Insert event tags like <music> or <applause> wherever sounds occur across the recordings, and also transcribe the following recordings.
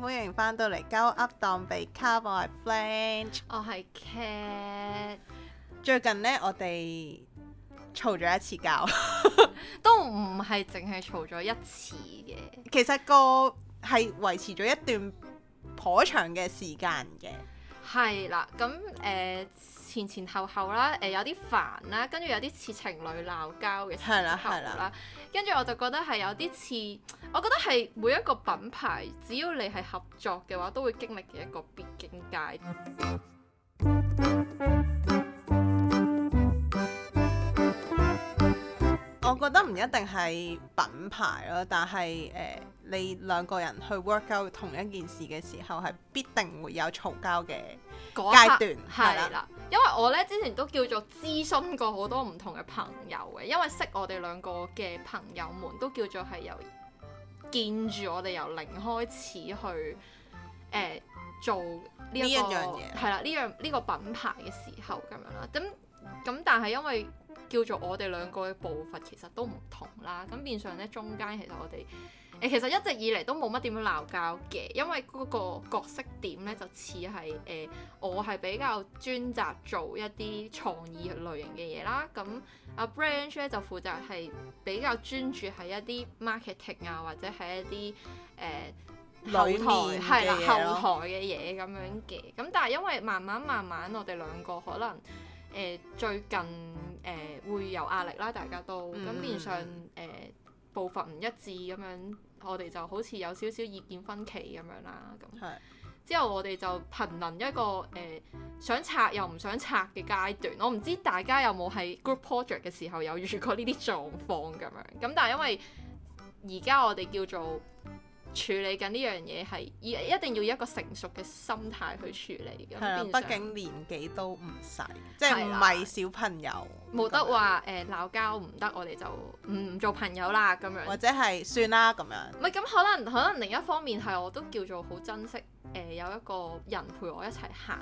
歡迎翻到嚟，Go Up 當被 Cover，我係 Flange，我係 Cat。最近呢，我哋嘈咗一次交， <laughs> 都唔係淨係嘈咗一次嘅。其實個係維持咗一段頗長嘅時間嘅。係啦，咁誒、呃、前前後後啦，誒、呃、有啲煩啦，跟住有啲似情侶鬧交嘅。係啦，係啦。跟住我就覺得係有啲似，我覺得係每一個品牌，只要你係合作嘅話，都會經歷嘅一個必經階段。我覺得唔一定係品牌咯，但係誒、呃，你兩個人去 work out 同一件事嘅時候，係必定會有嘈交嘅階段，係啦。的因為我咧之前都叫做諮詢過好多唔同嘅朋友嘅，因為識我哋兩個嘅朋友們都叫做係由見住我哋由零開始去誒、呃、做呢、這個、一樣嘢，係啦呢樣呢個品牌嘅時候咁樣啦，咁咁但係因為叫做我哋兩個嘅步伐其實都唔同啦，咁變相咧中間其實我哋。其實一直以嚟都冇乜點樣鬧交嘅，因為嗰個角色點咧就似係誒我係比較專責做一啲創意類型嘅嘢啦。咁、嗯、阿、嗯啊、Branch 咧就負責係比較專注喺一啲 marketing 啊，或者喺一啲誒、呃、後台係啦後台嘅嘢咁樣嘅。咁、嗯嗯、但係因為慢慢慢慢，我哋兩個可能誒、呃、最近誒、呃、會有壓力啦，大家都咁變相，誒、呃、部分唔一致咁樣。嗯嗯我哋就好似有少少意見分歧咁樣啦，咁的之後我哋就瀕臨一個誒、呃、想拆又唔想拆嘅階段。我唔知大家有冇喺 group project 嘅時候有遇過呢啲狀況咁樣。咁但係因為而家我哋叫做。處理緊呢樣嘢係，以一定要一個成熟嘅心態去處理。係啊的，成畢竟年紀都唔細，的即係唔係小朋友，冇得話誒鬧交唔得，我哋就唔做朋友啦咁樣，或者係算啦咁樣。唔係咁可能，可能另一方面係我都叫做好珍惜誒、呃、有一個人陪我一齊行。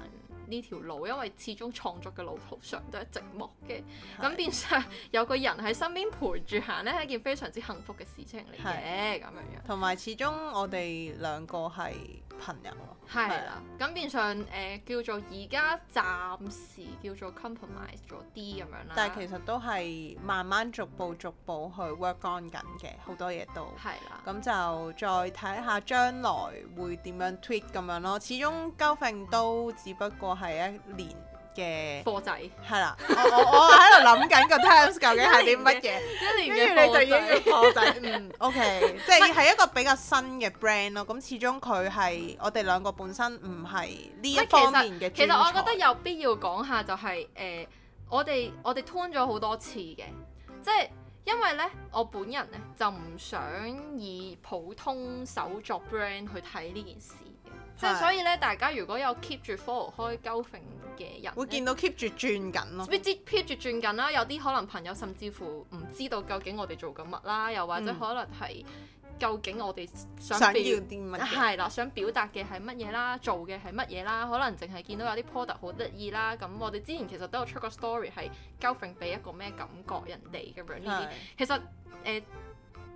呢條路，因為始終創作嘅路上都係寂寞嘅，咁是變相有個人喺身邊陪住行咧，係一件非常之幸福嘅事情嚟嘅咁樣樣。同埋始終我哋兩個係朋友咯，係啦，咁啦變相誒、呃、叫做而家暫時叫做 compromise 咗啲咁樣啦，但係其實都係慢慢逐步逐步去 work on 緊嘅，好多嘢都係啦，咁就再睇下將來會點樣 tweak 咁樣咯。始終交 friend 都只不過，係一年嘅貨仔，係啦，我我喺度諗緊個 terms 究竟係啲乜嘢，一年嘅的貨麼 <laughs> 仔，嗯，OK，即係係一個比較新嘅 brand 咯但。咁始終佢係我哋兩個本身唔係呢一方面嘅專才其。其實我覺得有必要講下，就是，就係誒，我哋我哋 turn 咗好多次嘅，即係因為咧，我本人咧就唔想以普通手作 brand 去睇呢件事。即係所以咧，大家如果有 keep 住 follow 開 g o f i n g 嘅人，會見到 keep 住轉緊咯。未必 keep 住轉緊啦，有啲可能朋友甚至乎唔知道究竟我哋做緊乜啦，又或者可能係究竟我哋想表、嗯、想要啲乜嘢？係啦、啊，想表達嘅係乜嘢啦，做嘅係乜嘢啦？可能淨係見到有啲 product 好得意啦。咁我哋之前其實都有出個 story 係 g o f i n g 俾一個咩感覺人哋咁樣呢啲。其實誒、呃，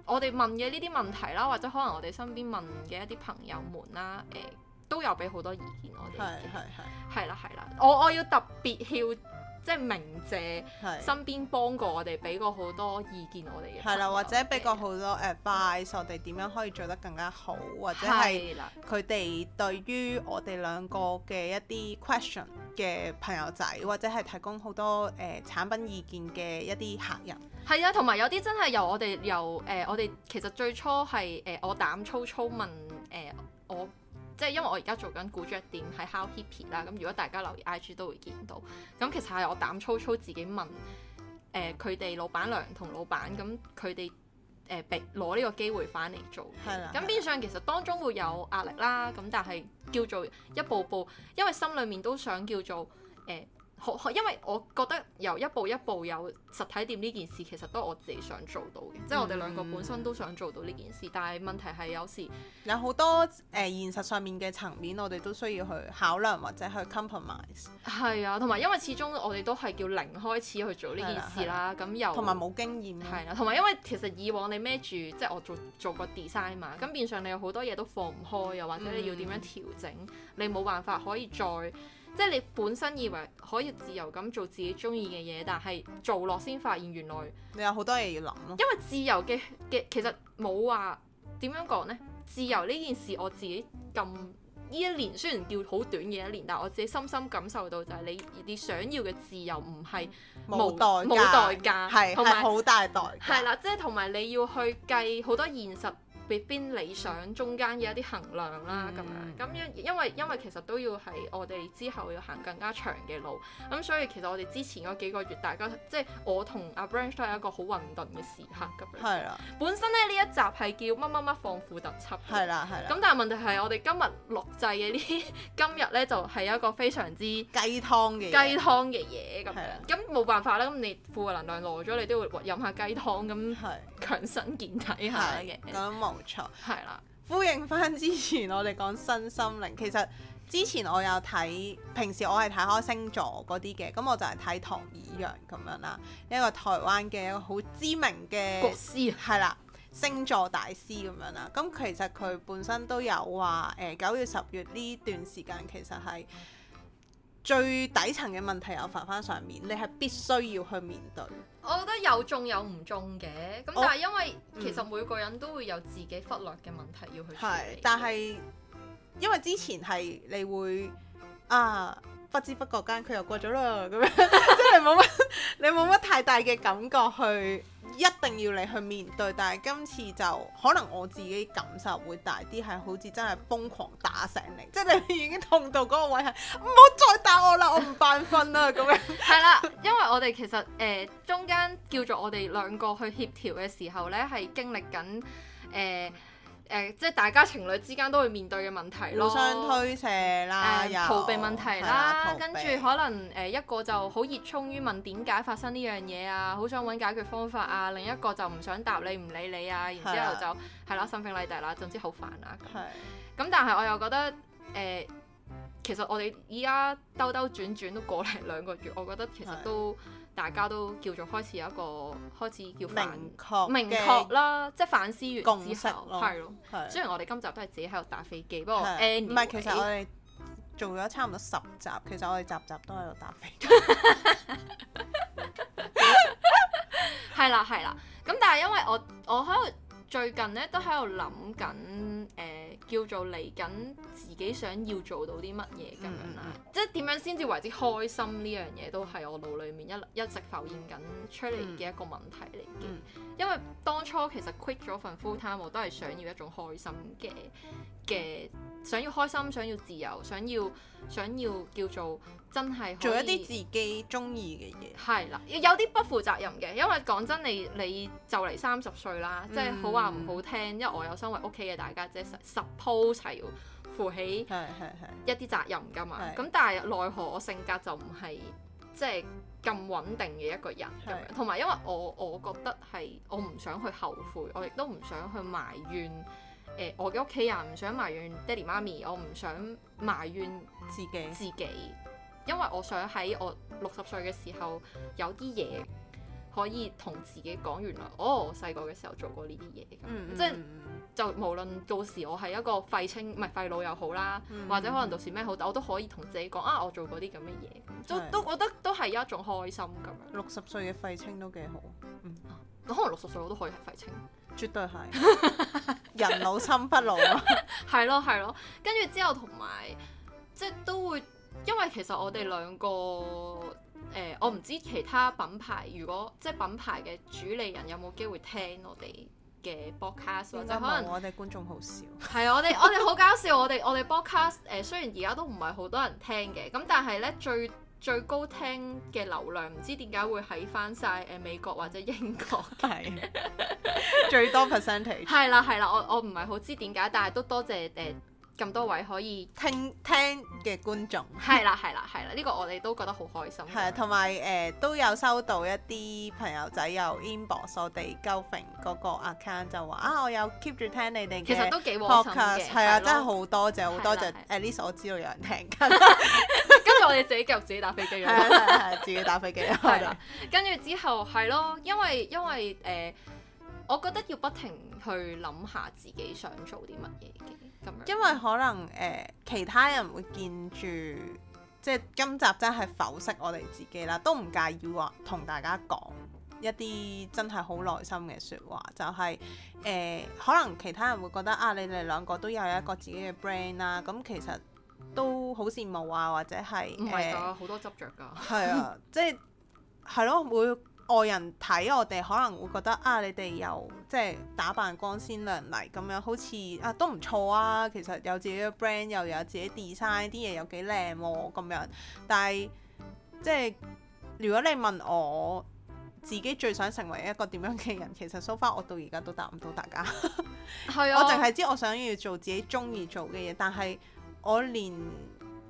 我哋問嘅呢啲問題啦，或者可能我哋身邊問嘅一啲朋友們啦，誒、呃。都有俾好多意見我哋，係係係啦係啦，我我要特別要即係鳴謝的身邊幫過我哋，俾過好多意見我哋，係啦，或者俾過好多誒 advice，我哋點樣可以做得更加好，或者係佢哋對於我哋兩個嘅一啲 question 嘅朋友仔，或者係提供好多誒、呃、產品意見嘅一啲客人，係啊，同埋有啲真係由我哋由誒、呃、我哋其實最初係誒、呃、我膽粗粗問誒。嗯即係因為我而家做緊古着店喺 How Hippie 啦，咁如果大家留意 IG 都會見到，咁其實係我膽粗粗自己問，誒佢哋老闆娘同老闆，咁佢哋誒俾攞呢個機會翻嚟做，係啦，咁變相其實當中會有壓力啦，咁但係叫做一步步，因為心裡面都想叫做誒。呃好，因為我覺得由一步一步有實體店呢件事，其實都係我自己想做到嘅，嗯、即係我哋兩個本身都想做到呢件事，嗯、但係問題係有時有好多誒、呃、現實上面嘅層面，我哋都需要去考量或者去 compromise。係啊，同埋因為始終我哋都係叫零開始去做呢件事啦，咁又同埋冇經驗。係啦、啊，同埋因為其實以往你孭住即係我做做過 design 嘛，咁變相你有好多嘢都放唔開，又、嗯、或者你要點樣調整，嗯、你冇辦法可以再。嗯即係你本身以為可以自由咁做自己中意嘅嘢，但係做落先發現原來你有好多嘢要諗咯。因為自由嘅嘅其實冇話點樣講呢，自由呢件事我自己咁，呢一年雖然叫好短嘅一年，但係我自己深深感受到就係你你想要嘅自由唔係冇代冇代價，係係好大代價。係啦，仲有，即係同埋你要去計好多現實。邊邊理想中間嘅一啲衡量啦，咁、嗯、樣咁因因為因為其實都要係我哋之後要行更加長嘅路，咁所以其實我哋之前嗰幾個月，大家即係我同阿 Branch 都係一個好混沌嘅時刻咁樣。係啦的。本身咧呢一集係叫乜乜乜放負特輯。係啦，係啦。咁但係問題係我哋今日錄製嘅呢，今日咧就係、是、一個非常之雞湯嘅雞湯嘅嘢咁。係咁冇辦法啦，咁你負能量攞咗，你都要飲下雞湯咁強身健體下嘅。係啦，了呼應翻之前我哋講身心靈。其實之前我有睇，平時我係睇開星座嗰啲嘅，咁我就係睇唐以陽咁樣啦，一個台灣嘅一個好知名嘅國師，係啦，星座大師咁樣啦。咁其實佢本身都有話，誒九月、十月呢段時間其實係。最底層嘅問題又浮翻上面，你係必須要去面對。我覺得有中有唔中嘅，咁但係因為、嗯、其實每個人都會有自己忽略嘅問題要去處理。但係因為之前係你會啊，不知不覺間佢又過咗啦，咁樣 <laughs> 即係冇乜，你冇乜太大嘅感覺去。一定要你去面對，但係今次就可能我自己感受會大啲，係好似真係瘋狂打醒你，即係你已經痛到嗰個位係唔好再打我啦，我唔扮瞓啦咁樣。係啦，因為我哋其實誒中間叫做我哋兩個去協調嘅時候呢係經歷緊誒。呃誒、呃，即係大家情侶之間都會面對嘅問題咯，互相推卸啦，逃避、嗯、問題啦，啦跟住可能誒、呃、一個就好熱衷於問點解發生呢樣嘢啊，好想揾解決方法啊，嗯、另一個就唔想答你，唔理你啊，然之後，後就係啦，心平理敵啦，總之好煩啊。係。咁對但係我又覺得誒。呃其實我哋依家兜兜轉轉都過嚟兩個月，我覺得其實都大家都叫做開始有一個開始叫 giving，明確明確啦，即係反思完之後，係咯。咯雖然我哋今集都係自己喺度打飛機，不過唔係，其實我哋做咗差唔多十集，其實我哋集集都喺度打飛機。係啦係啦，咁但係因為我我喺度最近咧都喺度諗緊誒。叫做嚟緊自己想要做到啲乜嘢咁樣啦、啊，嗯、即係點樣先至為之開心，呢樣嘢都係我腦裡面一一直浮現緊出嚟嘅一個問題嚟嘅，嗯嗯、因為當初其實 quit 咗份 full time 我都係想要一種開心嘅嘅，想要開心，想要自由，想要想要叫做。真係做一啲自己中意嘅嘢係啦，有啲不負責任嘅，因為講真，你你、嗯、就嚟三十歲啦，即係好話唔好聽，因為我有身為屋企嘅大家姐 suppose 係要負起一啲責任噶嘛。咁但係奈何我性格就唔係即係咁穩定嘅一個人同埋係係因為我我覺得係我唔想去後悔，我亦都唔想去埋怨、呃、我嘅屋企人，唔想埋怨爹哋媽咪，我唔想埋怨自己自己。因為我想喺我六十歲嘅時候有啲嘢可以同自己講，原來哦，我細個嘅時候做過呢啲嘢咁，即係就無論到時我係一個廢青唔係廢老又好啦，或者可能到時咩好，我都可以同自己講啊，我做過啲咁嘅嘢，都都覺得都係一種開心咁樣。六十歲嘅廢青都幾好，嗯，可能六十歲我都可以係廢青，絕對係人老心不老咯，係咯係咯，跟住之後同埋即都會。因為其實我哋兩個，誒、呃，我唔知其他品牌如果即係品牌嘅主理人有冇機會聽我哋嘅 broadcast，就可能我哋觀眾好少。係啊，我哋 <laughs> 我哋好搞笑，我哋我哋 broadcast 雖然而家都唔係好多人聽嘅，咁但係咧最最高聽嘅流量，唔知點解會喺翻晒誒美國或者英國嘅對 <laughs> 最多 percentage，係啦係啦，我我唔係好知點解，但係都多謝誒。咁多位可以聽聽嘅觀眾，係啦係啦係啦，呢個我哋都覺得好開心。係啊，同埋誒都有收到一啲朋友仔由 inbox 我哋 Golfing 嗰個 account 就話啊，我有 keep 住聽你哋嘅，其實都幾開心嘅，係啊，真係好多謝好多謝 Elisa，我知道有人聽。跟住我哋自己繼續自己打飛機啦，自己打飛機啦。係啦。跟住之後係咯，因為因為誒，我覺得要不停。去諗下自己想做啲乜嘢嘅，因為可能誒、呃、其他人會見住，即係今集真係剖析我哋自己啦，都唔介意話同大家講一啲真係好內心嘅説話，就係、是、誒、呃、可能其他人會覺得啊，你哋兩個都有一個自己嘅 brand 啦，咁其實都好羨慕啊，或者係唔好多執着㗎，係啊的， <laughs> 即係係咯，會。外人睇我哋可能會覺得啊，你哋又即係打扮光鮮亮麗咁樣，好似啊都唔錯啊。其實有自己嘅 brand，又有自己 design 啲嘢又幾靚喎咁樣。但係即係如果你問我自己最想成為一個點樣嘅人，其實 so far 我到而家都答唔到大家。係啊， <laughs> 我淨係知我想要做自己中意做嘅嘢，但係我連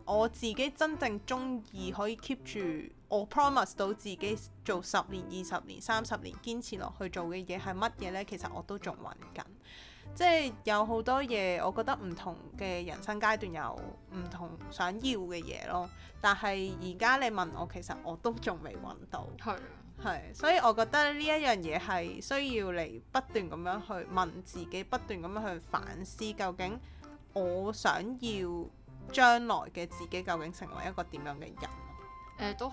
我自己真正中意可以 keep 住。我 promise 到自己做十年、二十年、三十年，堅持落去做嘅嘢係乜嘢呢？其實我都仲揾緊，即係有好多嘢，我覺得唔同嘅人生階段有唔同想要嘅嘢咯。但係而家你問我，其實我都仲未揾到，係的，所以我覺得呢一樣嘢係需要嚟，不斷咁樣去問自己，不斷咁樣去反思，究竟我想要將來嘅自己究竟成為一個點樣嘅人？誒都係，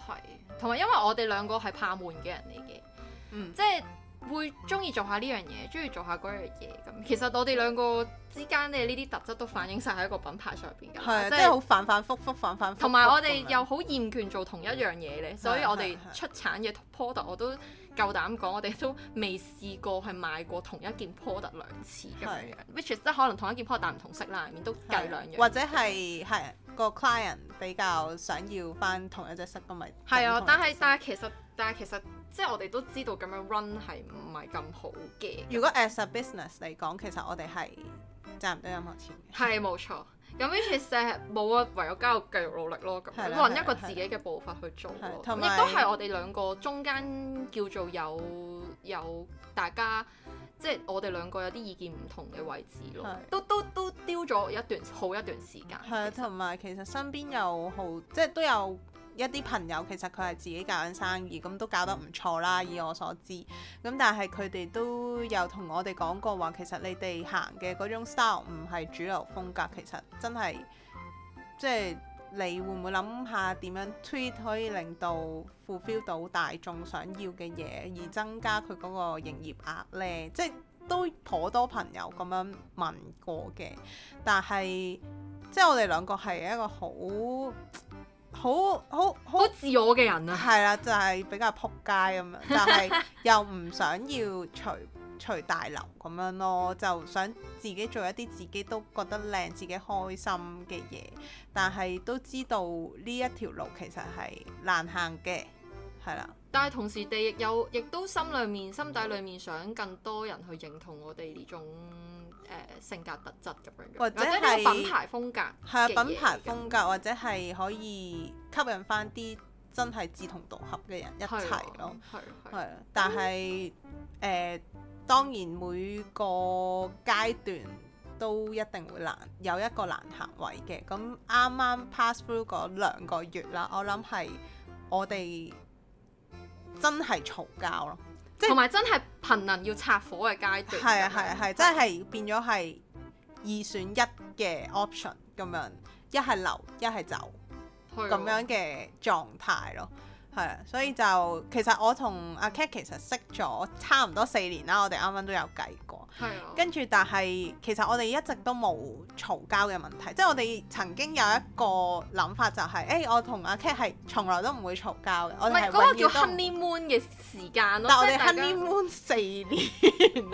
同埋因為我哋兩個係怕悶嘅人嚟嘅，即係會中意做下呢樣嘢，中意做下嗰樣嘢咁。其實我哋兩個之間嘅呢啲特質都反映晒喺個品牌上邊㗎，即係好反反覆覆，反反覆覆。同埋我哋又好厭倦做同一樣嘢咧，所以我哋出產嘅 product 我都。夠膽講，我哋都未試過係買過同一件 product 兩次咁是樣嘅，which 即係可能同一件 product 但唔同色啦，面都計兩樣、啊。或者係係個 client 比較想要翻同一隻色咁咪。係啊，但係但係其實但係其實即係、就是、我哋都知道咁樣 run 係唔係咁好嘅。如果 as a business 嚟講，其實我哋係賺唔到任何錢嘅。係冇 <laughs> 錯。咁呢件事冇啊，唯有加油繼續努力咯，咁揾、啊、一個自己嘅步伐去做咯。亦都係我哋兩個中間叫做有有大家，即係我哋兩個有啲意見唔同嘅位置咯，啊、都都都丟咗一段好一段時間。係啊，同埋其實其實身邊有好，即係都有。一啲朋友其實佢係自己搞緊生意，咁都搞得唔錯啦，以我所知。咁但係佢哋都有同我哋講過話，其實你哋行嘅嗰種 style 唔係主流風格，其實真係即係你會唔會諗下點樣 tweak 可以令到 fulfill 到大眾想要嘅嘢，而增加佢嗰個營業額呢？即係都頗多朋友咁樣問過嘅，但係即係我哋兩個係一個好。好好好自，自我嘅人啊，係啦，就係、是、比較撲街咁樣， <laughs> 但係又唔想要隨 <laughs> 隨大流咁樣咯，就想自己做一啲自己都覺得靚、自己開心嘅嘢，但係都知道呢一條路其實係難行嘅，係啦。但係同時哋亦有，亦都心裏面、心底裏面想更多人去認同我哋呢種。呃、性格特質咁樣，或者啲品牌、啊、品牌風格，係啊品牌風格或者係可以吸引翻啲真係志同道合嘅人一齊咯，係啊，但係誒、呃、當然每個階段都一定會難有一個難行為嘅，咁啱啱 pass through 嗰兩個月啦，我諗係我哋真係嘈交咯。同埋真係貧能要拆夥嘅階段，係啊係啊係，即係、就是、變咗係二選一嘅 option 咁樣，一係留，一係走咁樣嘅狀態咯。係啊，所以就其實我同阿 Kate 其實識咗差唔多四年啦，我哋啱啱都有計過。係的。跟住，但係其實我哋一直都冇嘈交嘅問題，即係我哋曾經有一個諗法就係、是，誒、欸、我同阿 Kate 係從來都唔會嘈交嘅。唔係嗰個叫 Honeymoon 嘅時間咯。但我哋 Honeymoon 四年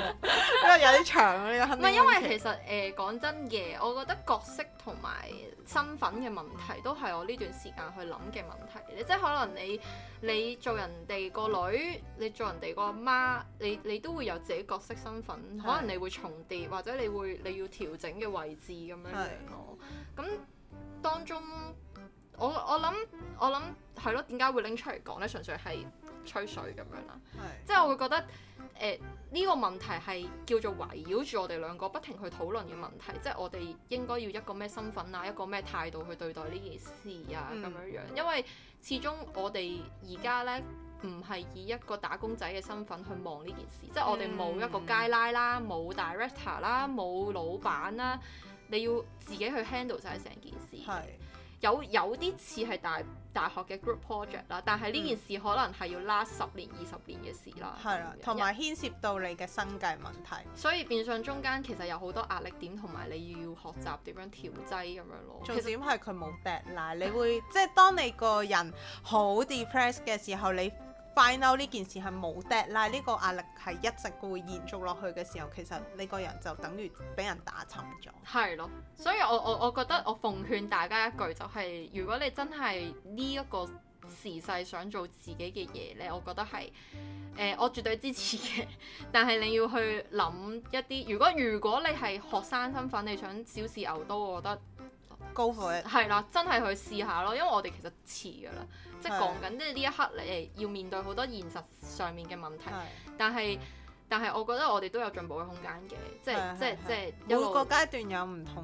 啊， <laughs> 因為有啲長啊呢個 Honey。唔係 <laughs> 因為其實誒講、呃、真嘅，我覺得角色同埋身份嘅問題都係我呢段時間去諗嘅問題咧，即係可能你。你做人哋個女，你做人哋個媽，你你都會有自己角色身份，的可能你會重疊，或者你會你要調整嘅位置咁樣樣囉。咁的當中，我我諗我諗係咯，點解會拎出嚟講咧？純粹係。吹水咁樣啦，是即係我會覺得誒呢、呃這個問題係叫做圍繞住我哋兩個不停去討論嘅問題，即係我哋應該要一個咩身份啊，一個咩態度去對待呢件事啊咁樣、嗯、樣，因為始終我哋而家呢唔係以一個打工仔嘅身份去望呢件事，嗯、即係我哋冇一個 guideline 啦，冇 director 啦、啊，冇老闆啦、啊，你要自己去 handle 晒成件事。有有啲似係大大學嘅 group project 啦，但係呢件事可能係要 last 十年二十年嘅事啦。係啦的，同埋、嗯、牽涉到你嘅生計問題。所以變相中間其實有好多壓力點，同埋你要學習點樣調劑咁樣咯。重點係佢冇 deadline 你會 <laughs> 即係當你個人好 depressed 嘅時候，你。快嬲呢件事係冇掉賴，呢個壓力係一直會延續落去嘅時候，其實你個人就等於俾人打沉咗。係咯，所以我我我覺得我奉勸大家一句就係、是，如果你真係呢一個時勢想做自己嘅嘢咧，我覺得係、呃、我絕對支持嘅。但係你要去諗一啲，如果如果你係學生身份，你想小試牛刀，我覺得。高火係啦，真係去試下咯，因為我哋其實遲噶啦，即係講緊即係呢一刻你要面對好多現實上面嘅問題，但係但係我覺得我哋都有進步嘅空間嘅，即係即係即係每個階段有唔同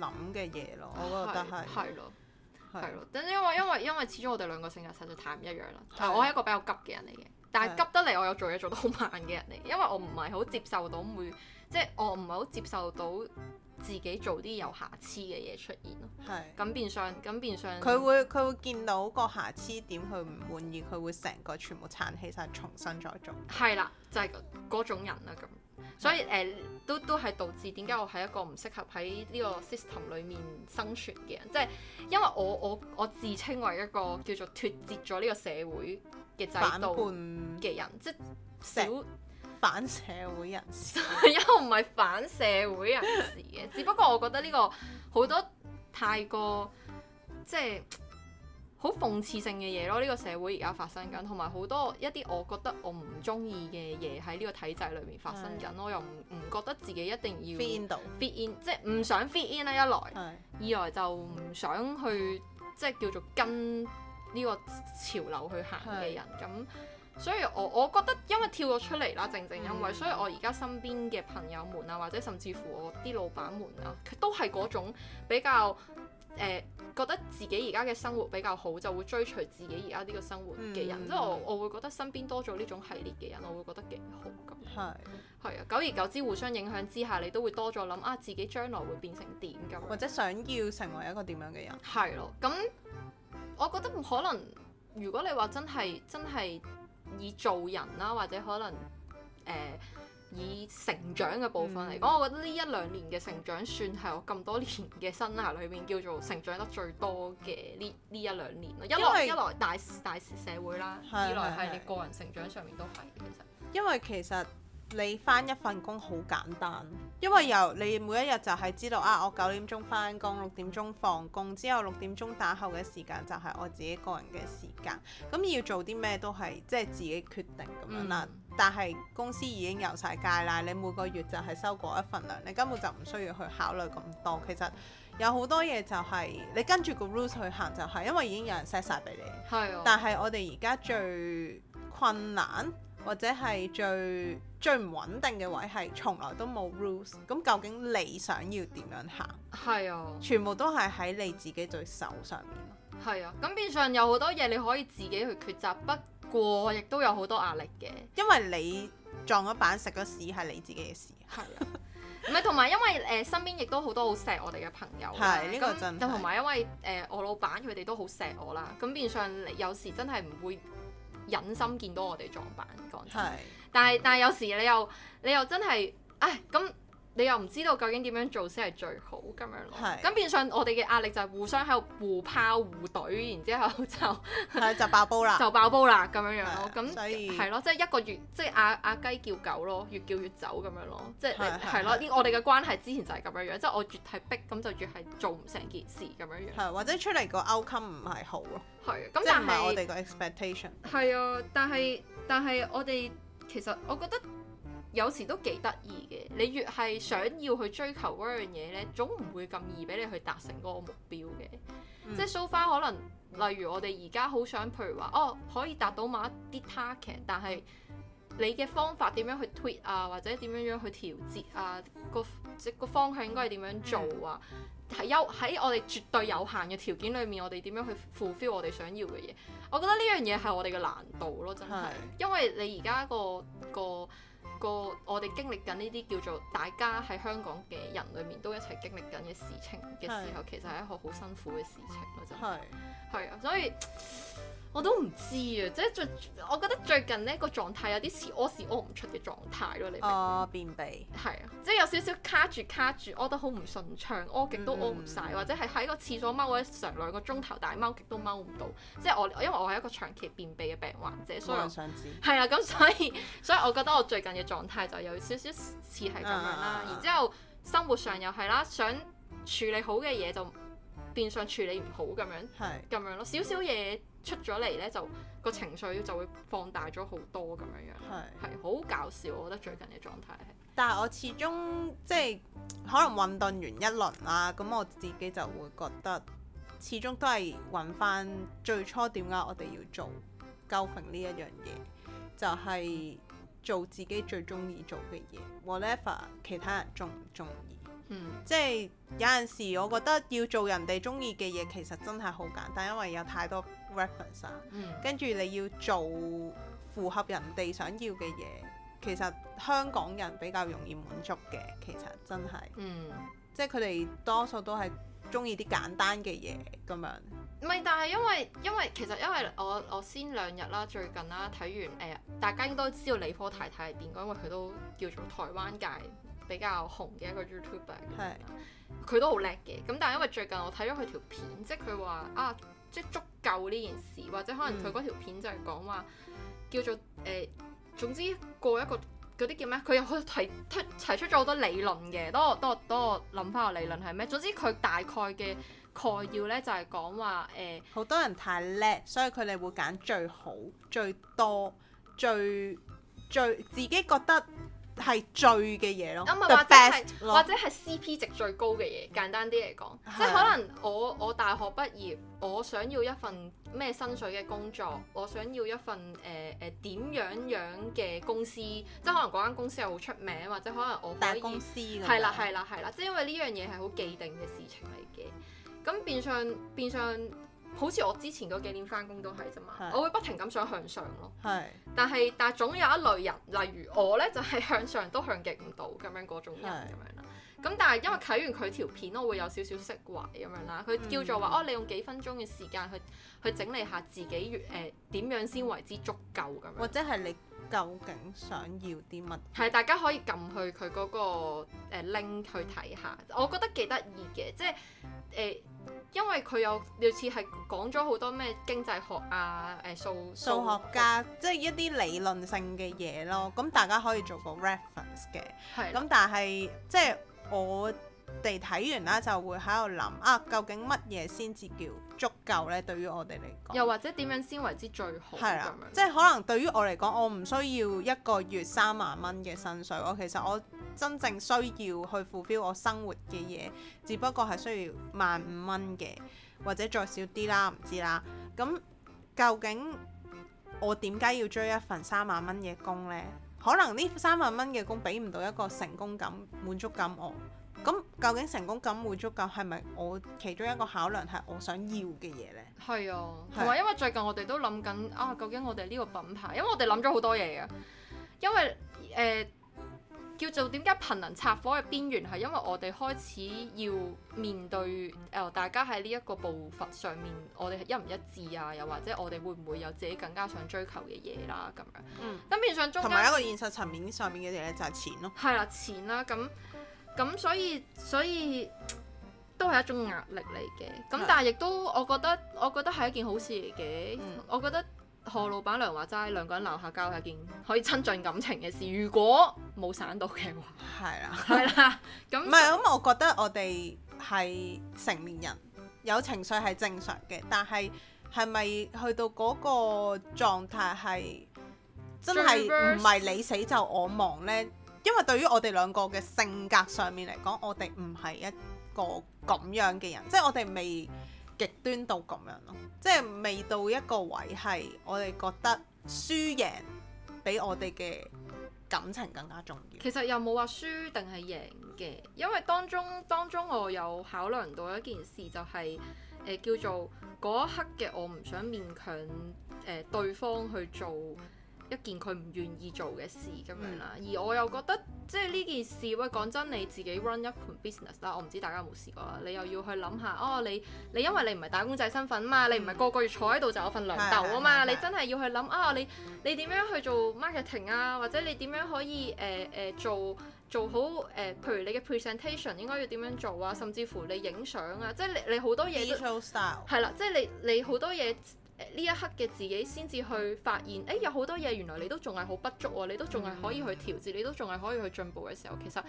諗嘅嘢咯，我覺得係係咯係咯，等因為因為因為始終我哋兩個性格實在太唔一樣啦，但我係一個比較急嘅人嚟嘅，但係急得嚟我有做嘢做得好慢嘅人嚟，因為我唔係好接受到每即係我唔係好接受到。自己做啲有瑕疵嘅嘢出現咯，係是，咁變相，咁變相，佢會佢會見到個瑕疵點，佢唔滿意，佢會成個全部鏟起晒，重新再做。係啦，就係、是、嗰種人啦咁，嗯、所以誒、呃，都都係導致點解我係一個唔適合喺呢個 system 裏面生存嘅人，即、就、係、是、因為我我我自稱為一個叫做脫節咗呢個社會嘅制度嘅人，叛即少。反社會人士 <laughs> 又唔係反社會人士嘅， <laughs> 只不過我覺得呢個好多太過即係好諷刺性嘅嘢咯。呢個社會而家發生緊，同埋好多一啲我覺得我唔中意嘅嘢喺呢個體制裏面發生緊。的我又唔覺得自己一定要 fit in 即係唔想 fit in 啦的。一來，二的來就唔想去即係叫做跟呢個潮流去行嘅人咁。的所以我我覺得，因為跳咗出嚟啦，正正因為，嗯、所以我而家身邊嘅朋友們啊，或者甚至乎我啲老闆們啊，佢都係嗰種比較誒、呃，覺得自己而家嘅生活比較好，就會追隨自己而家呢個生活嘅人。即係、嗯、我我會覺得身邊多咗呢種系列嘅人，我會覺得幾好咁。係係啊，久而久之互相影響之下，你都會多咗諗啊，自己將來會變成點咁，或者想要成為一個點樣嘅人。係咯、嗯，咁我覺得可能如果你話真係真係。真以做人啦，或者可能誒、呃、以成長嘅部分嚟講，嗯、我覺得呢一兩年嘅成長，算係我咁多年嘅生涯裏面叫做成長得最多嘅呢呢一兩年咯因為。一來一來大大，大社會啦，係，二來係你個人成長上面都係。其實因為其實。你返一份工好簡單，因為由你每一日就係知道啊，我九點鐘返工，六點鐘放工，之後六點鐘打後嘅時間就係我自己個人嘅時間，咁要做啲咩都係即係自己決定咁樣啦。嗯、但係公司已經有晒界啦，你每個月就係收過一份糧，你根本就唔需要去考慮咁多。其實有好多嘢就係、是、你跟住個 rules 去行就係、是，因為已經有人 set 晒俾你。嗯、但係我哋而家最困難。或者係最、嗯、最唔穩定嘅位係從來都冇 rules，咁究竟你想要點樣行？係啊，全部都係喺你自己在手上面。係啊，咁變相有好多嘢你可以自己去抉擇，不過亦都有好多壓力嘅，因為你撞咗板食咗屎係你自己嘅事。係啊，唔係同埋因為誒身邊亦都好多好錫我哋嘅朋友啦，係，呢個真係，咁又同埋因為誒我老闆佢哋都好錫我啦，咁變相有時真係唔會忍心見到我哋撞板，講真，是但，但係但係有時你又你又真係唉咁，你又唔知道究竟點樣做先係最好咁樣咯，咁變相我哋嘅壓力就係互相喺度互拋互懟，然之後就就爆煲啦，就爆煲啦咁樣樣咯。咁係咯，即係一個月即係阿阿雞叫狗咯，越叫越走咁樣咯。即係係咯，我哋嘅關係之前就係咁樣樣，即係我越係逼，咁就越係做唔成件事咁樣樣。或者出嚟個 outcome 唔係好咯。係咁，但係我哋個 expectation 係啊，但係但係我哋其實我覺得。有時都幾得意嘅。你越係想要去追求嗰樣嘢呢，總唔會咁易俾你去達成嗰個目標嘅。嗯、即係 so far 可能，例如我哋而家好想，譬如話哦，可以達到某一啲 target，但係你嘅方法點樣去 tweak 啊，或者點樣樣去調節啊，個即個方向應該係點樣做啊？係有喺我哋絕對有限嘅條件裏面，我哋點樣去 fulfill 我哋想要嘅嘢？我覺得呢樣嘢係我哋嘅難度咯，真係，是因為你而家個個。個個我哋經歷緊呢啲叫做大家喺香港嘅人裏面都一齊經歷緊嘅事情嘅時候，是其實係一個好辛苦嘅事情咯，就係係啊，所以。我都唔知啊，即係最，我覺得最近呢個狀態有啲似屙屎屙唔出嘅狀態咯，你哦，便秘係啊，即係有少少卡住卡住，屙得好唔順暢，屙極都屙唔晒，嗯、或者係喺個廁所踎咗成兩個鐘頭，但係踎極都踎唔到，即係我因為我係一個長期便秘嘅病患者，所以我，我想知係啊。咁所以所以我覺得我最近嘅狀態就有少少似係咁樣啦，然、啊、之後生活上又係啦，想處理好嘅嘢就變相處理唔好咁樣，係咁樣咯，少少嘢。出咗嚟呢，就個情緒就會放大咗好多咁樣樣，係係好搞笑。我覺得最近嘅狀態係，但係我始終即係可能運動完一輪啦，咁我自己就會覺得始終都係揾翻最初點解我哋要做交粉呢一樣嘢，就係、是、做自己最中意做嘅嘢，whatever 其他人中唔中意。嗯、即係有陣時，我覺得要做人哋中意嘅嘢，其實真係好簡單。但因為有太多 reference 啊，跟住、嗯、你要做符合人哋想要嘅嘢，其實香港人比較容易滿足嘅，其實真係。嗯，即係佢哋多數都係中意啲簡單嘅嘢咁樣。唔係，但係因為因為其實因為我我先兩日啦，最近啦睇完，誒、呃，大家應該知道理科太太係邊個，因為佢都叫做台灣界，比較紅嘅一個 YouTuber，佢是都好叻嘅。咁但係因為最近我睇咗佢條片，即係佢話啊，即係足夠呢件事，或者可能佢嗰條片就係講話叫做誒，總之過一個嗰啲叫咩？佢又提提提出咗好多理論嘅。當我當我當我諗翻個理論係咩？總之佢大概嘅概要呢，就係講話誒，好多人太叻，所以佢哋會揀最好、最多、最最自己覺得。係最嘅嘢咯，啊、The 或者係 best. 或者係 CP 值最高嘅嘢。簡單啲嚟講， <noise> 即係可能我我大學畢業，我想要一份咩薪水嘅工作，我想要一份誒誒點樣樣嘅公司，即係可能嗰間公司又好出名，或者可能我可以大公司。係啦係啦係啦，啦，啦，啦，即係因為呢樣嘢係好既定嘅事情嚟嘅。咁變相變相。變相好似我之前嗰幾年返工都係啫嘛，是我會不停咁想向上咯是，但係但係總有一類人，例如我呢，就係、是、向上都向極唔到咁樣嗰種人是咁樣啦。咁但係因為睇完佢條片，我會有少少釋懷咁樣啦。佢叫做話，嗯、哦，你用幾分鐘嘅時間去去整理下自己，誒、呃、點樣先為之足夠咁樣？或者係你究竟想要啲乜？係大家可以撳去佢嗰、嗰個 link、呃、去睇下，我覺得幾得意嘅，即係誒、呃，因為佢有類似係講咗好多咩經濟學啊、誒數數學家，學家即係一啲理論性嘅嘢咯。咁大家可以做個 reference 嘅。係了。咁但係即係。我哋睇完啦，就會喺度諗啊，究竟乜嘢先至叫足夠呢？對於我哋嚟講，又或者點樣先為之最好？係啦的，樣即係可能對於我嚟講，我唔需要一個月三萬蚊嘅薪水，我其實我真正需要去付 b 我生活嘅嘢，只不過係需要萬五蚊嘅，或者再少啲啦，唔知啦。咁究竟我點解要追一份三萬蚊嘅工呢？可能呢三萬蚊嘅工俾唔到一個成功感、滿足感我，咁究竟成功感、滿足感係咪我其中一個考量係我想要嘅嘢呢？係啊，係啊，同埋，因為最近我哋都諗緊啊，究竟我哋呢個品牌，因為我哋諗咗好多嘢嘅，因為誒。呃叫做點解貧能拆火嘅邊緣係因為我哋開始要面對誒、呃、大家喺呢一個步伐上面，我哋係一唔一致啊，又或者我哋會唔會有自己更加想追求嘅嘢啦咁樣。咁、嗯、面上中間。同埋一個現實層面上面嘅嘢就係、是、錢咯、啊。係啦、啊，錢啦、啊，咁咁所以所以都係一種壓力嚟嘅，咁但係亦都我覺得我覺得係一件好事嚟嘅，嗯、我覺得。何老闆娘話齋，兩個人鬧下交下，件可以親近感情嘅事。如果冇散到嘅話，係是啦， <laughs> 啦，係啦。咁唔係咁，我覺得我哋係成年人，有情緒係正常嘅。但係係咪去到嗰個狀態係真係唔係你死就我亡呢？因為對於我哋兩個嘅性格上面嚟講，我哋唔係一個咁樣嘅人，即係我哋未。極端到咁樣咯，即係未到一個位係我哋覺得輸贏比我哋嘅感情更加重要。其實又冇話輸定係贏嘅，因為當中當中我有考量到一件事，就係，就係誒叫做嗰一刻嘅我唔想勉強誒、呃、對方去做。一件佢唔願意做嘅事咁樣啦，而我又覺得即係呢件事喂，講真你自己 run 一盤 business 啦，我唔知大家有冇試過啦，你又要去諗下哦，你你因為你唔係打工仔身份啊嘛，嗯、你唔係個個月坐喺度就有份糧豆啊嘛，你真係要去諗啊、哦，你你點樣去做 marketing 啊，或者你點樣可以誒誒、呃呃、做做好誒、呃，譬如你嘅 presentation 應該要點樣做啊，甚至乎你影相啊，即係你你好多嘢都係啦 Digital style.，即係你你好多嘢，呢一刻嘅自己先至去發現，哎、欸，有好多嘢原來你都仲係好不足喎、啊，你都仲係可以去調節，你都仲係可以去進步嘅時候，其實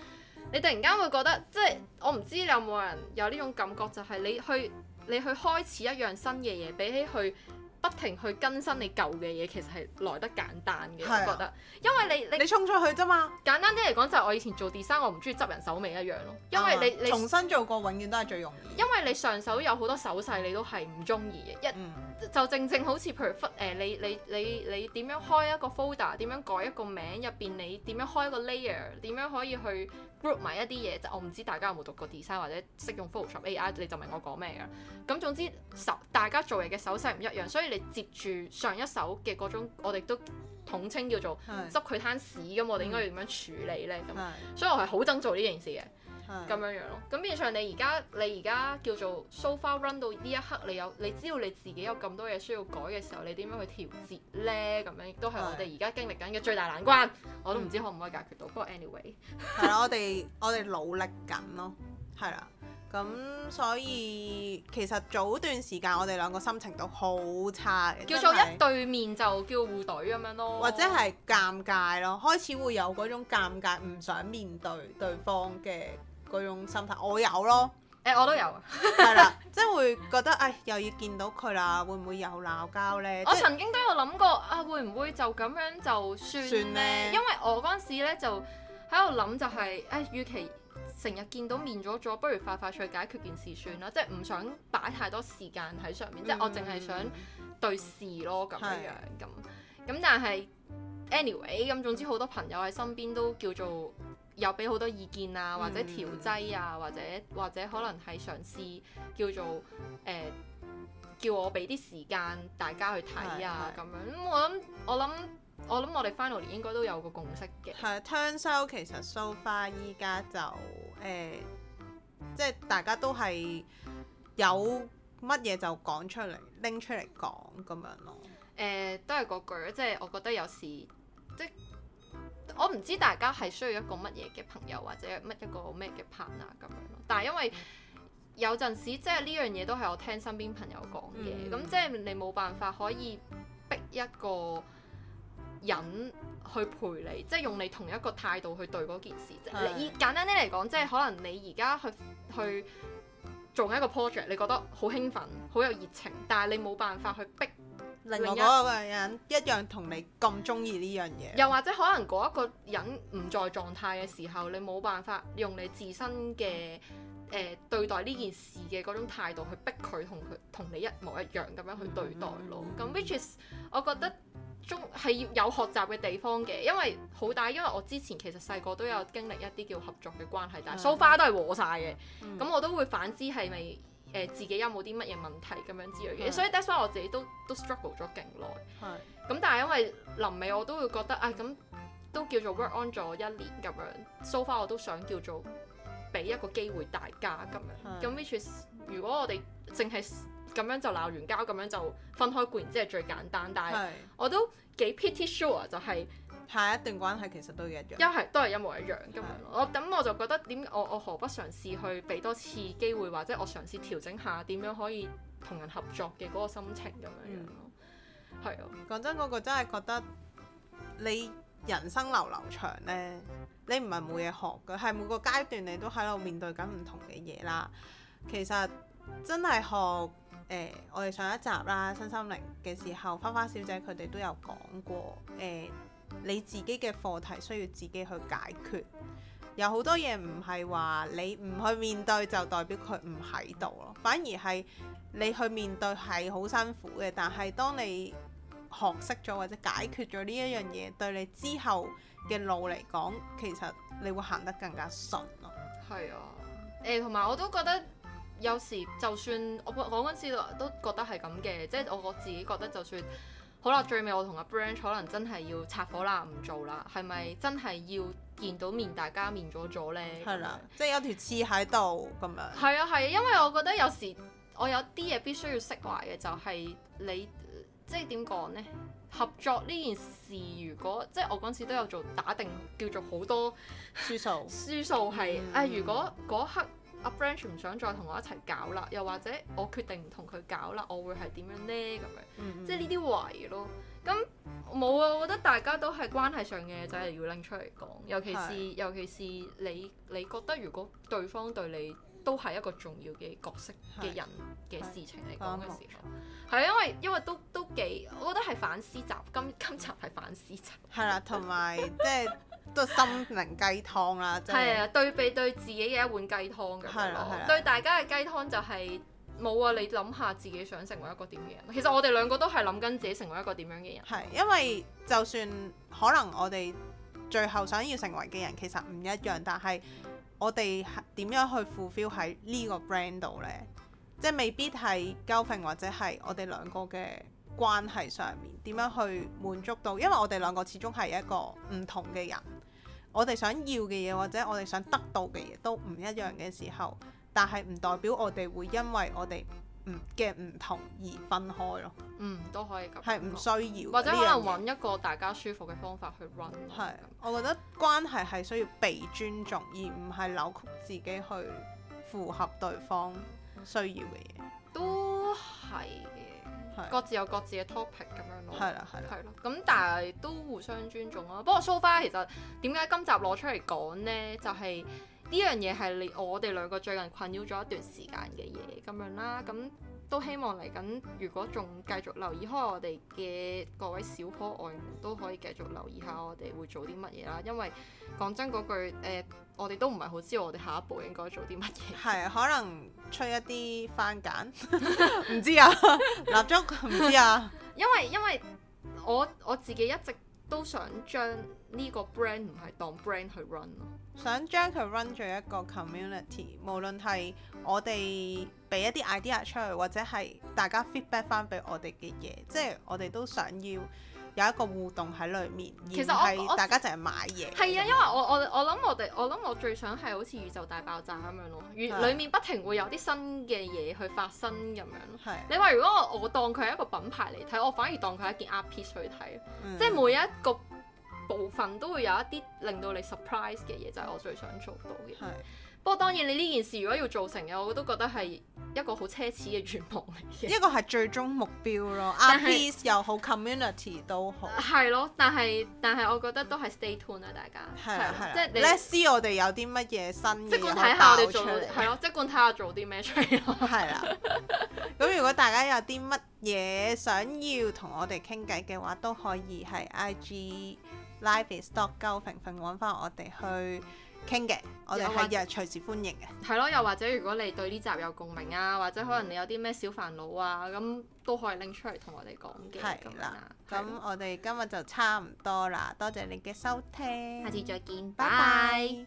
你突然間會覺得，即係我唔知有冇人有呢種感覺，就係、是、你去你去開始一樣新嘅嘢，比起去，不停去更新你舊嘅嘢，其實係來得簡單嘅，啊、我覺得。因為你你你衝出去啫嘛。簡單啲嚟講就係、是、我以前做 design，我唔中意執人手尾一樣咯。因為你、uh huh. 你重新做過永遠都係最容易。因為你上手有好多手勢你都係唔中意嘅。一、嗯、就正正好似譬如誒、呃、你你你你點樣開一個 folder，點樣改一個名入邊，你點樣開個 layer，點樣可以去 group 埋一啲嘢。就我唔知大家有冇讀過 design 或者識用 Photoshop AI，你就明我講咩㗎。咁總之大家做嘢嘅手勢唔一樣，所以、嗯。所以你接住上一手嘅嗰種，我哋都統稱叫做執佢攤屎咁，我哋應該要點樣處理呢？咁？是所以我係好憎做呢件事嘅，咁樣是樣咯。咁變相你而家你而家叫做 so far run 到呢一刻，你有你知道你自己有咁多嘢需要改嘅時候，你點樣去調節呢？咁樣亦都係我哋而家經歷緊嘅最大難關，是我都唔知可唔可以解決到。不過是 but anyway，係啦、啊，我哋 <laughs> 我哋努力緊咯，係啦、啊。咁所以其實早段時間我哋兩個心情都好差嘅，叫做一對面就叫互對咁樣咯，或者係尷尬咯，開始會有嗰種尷尬唔想面對對方嘅嗰種心態，我有咯，誒、欸、我都有，係 <laughs> 啦， <laughs> 即係會覺得誒、哎、又要見到佢啦，會唔會又鬧交呢？我曾經都有諗過啊，會唔會就咁樣就算呢？算呢？因為我嗰陣時咧就喺度諗就係、是、誒，與、哎、其。成日見到面咗咗，不如快快脆解決件事算啦，即係唔想擺太多時間喺上面，嗯、即係我淨係想對事咯咁、嗯、樣樣咁。咁是但係 anyway，咁總之好多朋友喺身邊都叫做有俾好多意見啊，或者調劑啊，嗯、或者或者可能係嘗試叫做誒、呃、叫我俾啲時間大家去睇啊咁樣。咁我諗我諗我諗我哋 final，應該都有個共識嘅。係啊，聽收其實 so far，依家就。誒、呃，即係大家都係有乜嘢就講出嚟，拎出嚟講咁樣咯。誒，都係嗰句，即係我覺得有時即我唔知大家係需要一個乜嘢嘅朋友，或者乜一個咩嘅 partner 咁樣咯。但係因為有陣時，即係呢樣嘢都係我聽身邊朋友講嘢，咁、嗯、即係你冇辦法可以逼一個人。去陪你，即係用你同一個態度去對嗰件事。即係的以簡單啲嚟講，即係可能你而家去去做一個 project，你覺得好興奮、好有熱情，但係你冇辦法去逼另外嗰個人一樣同你咁中意呢樣嘢。又或者可能嗰一個人唔在狀態嘅時候，你冇辦法用你自身嘅誒、呃、對待呢件事嘅嗰種態度去逼佢同佢同你一模一樣咁樣去對待咯。咁、嗯、which is 我覺得。中係要有學習嘅地方嘅，因為好大，因為我之前其實細個都有經歷一啲叫合作嘅關係，的但係 so far 都係和晒嘅，咁、嗯、我都會反思係咪誒自己有冇啲乜嘢問題咁樣之類嘅，的所以 that’s why 我自己都都 struggle 咗勁耐。係的。咁但係因為臨尾我都會覺得啊，咁、哎、都叫做 work on 咗一年咁樣，so far 我都想叫做俾一個機會大家咁樣，咁的 which is, 如果我哋淨係。咁樣就鬧完交，咁樣就分開固然之係最簡單。但係我都幾 pretty sure 就係下一段關係其實都一樣，一係都係一模一樣咁樣咯。的我咁我就覺得點，我我何不嘗試去俾多次機會，或者我嘗試調整下點樣可以同人合作嘅嗰個心情咁樣咯。係啊、嗯，講的真嗰個真係覺得你人生流流長呢，你唔係冇嘢學嘅，係每個階段你都喺度面對緊唔同嘅嘢啦。其實真係學。誒，我哋上一集啦，新心靈嘅時候，花花小姐佢哋都有講過，誒，你自己嘅課題需要自己去解決，有好多嘢唔係話你唔去面對就代表佢唔喺度咯，反而係你去面對係好辛苦嘅，但係當你學識咗或者解決咗呢一樣嘢，對你之後嘅路嚟講，其實你會行得更加順咯。係啊，誒，同埋我都覺得。有時就算我我嗰陣時都覺得係咁嘅，即係我自己覺得就算好啦，最尾我同阿 Branch 可能真係要拆夥啦，唔做啦，係咪真係要見到面大家面咗咗呢？係啦、嗯，嗯、即係有條刺喺度咁樣。係啊係、啊，因為我覺得有時我有啲嘢必須要釋懷嘅，就係、是、你、呃、即係點講呢？合作呢件事如果即係我嗰陣時都有做打定叫做好多輸數輸數係如果嗰刻。阿 Branch 唔想再同我一齊搞啦，又或者我決定唔同佢搞啦，我會係點樣呢？咁樣，mm hmm. 即係呢啲懷疑咯。咁冇啊，我覺得大家都係關係上嘅就係要拎出嚟講。尤其是，是尤其是你你覺得如果對方對你都係一個重要嘅角色嘅是人嘅事情嚟講嘅時候，係、那個、因為因為都都幾，我覺得係反思集。今今集係反思集。係啦、啊，同埋即係。就是 <laughs> 都係心靈雞湯啦，真、係、啊，對比對自己嘅一碗雞湯嘅，係咯係。啊、對大家嘅雞湯就係、係、冇啊！你諗下自己想成為一個點嘅人？其實我哋兩個都係諗緊自己成為一個點樣嘅人。係，因為就算可能我哋最後想要成為嘅人其實唔一樣，但係我哋點樣去 fulfill 喺呢個 brand 度呢？即、就、係、係、未必係交情或者係我哋兩個嘅關係上面點樣去滿足到？因為我哋兩個始終係一個唔同嘅人。我哋想要嘅嘢，或者我哋想得到嘅嘢都唔一樣嘅時候，但係唔代表我哋會因為我哋唔嘅唔同而分開咯。嗯，都可以咁講。係唔需要，或者可能揾一個大家舒服嘅方法去 run 是。係樣，我覺得關係係需要被尊重，而唔係扭曲自己去符合對方需要嘅嘢。都都係嘅，的各自有各自嘅 topic 咁樣咯，係啦係啦，係咯，咁但係都互相尊重咯。不過 so far 其實點解今集攞出嚟講呢？就係呢樣嘢係我哋兩個最近困擾咗一段時間嘅嘢咁樣啦，咁。都希望嚟緊，如果仲繼續留意開我哋嘅各位小可愛們，都可以繼續留意下我哋會做啲乜嘢啦。因為講真嗰句，誒、呃，我哋都唔係好知道我哋下一步應該做啲乜嘢。係，可能出一啲番梘，唔 <laughs> <laughs> 知啊， <laughs> 蠟燭唔知啊 <laughs> 因。因為因為我我自己一直都想將呢個 brand 唔係當 brand 去 run 咯。想將佢 run 做一個 community，無論係我哋俾一啲 idea 出去，或者係大家 feedback 翻俾我哋嘅嘢，即係我哋都想要有一個互動喺裡面。其實係大家淨係買嘢。係啊，的因為我我我諗我哋我諗我最想係好似宇宙大爆炸咁樣咯，越裡面不停會有啲新嘅嘢去發生咁樣。係。是的 你話如果我我當佢係一個品牌嚟睇，我反而當佢係一件 art piece 去睇，嗯、即係每一個。部分都會有一啲令到你 surprise 嘅嘢，就係、是、我最想做到嘅。是不過當然，你呢件事如果要做成嘅，我都覺得係一個好奢侈嘅願望嚟嘅。一個係最終目標咯 Artist 又是好，Community 都好，係咯。但係但係，我覺得都係 Stay tuned 啊，大家係係即係你 e t 我哋有啲乜嘢新嘢爆出嚟係咯，即管睇下做啲咩 <laughs> <laughs> 出嚟咯。係 <laughs> 啦、啊，咁如果大家有啲乜嘢想要同我哋傾偈嘅話，都可以係 IG。Life is dot golf，揾翻我哋去傾嘅，者我哋係隨時歡迎嘅。係咯，又或者如果你對呢集有共鳴啊，或者可能你有啲咩小煩惱啊，咁都可以拎出嚟同我哋講嘅。係啦了，咁我哋今日就差唔多啦，多謝你嘅收聽，下次再見，拜拜 bye。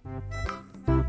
Bye bye。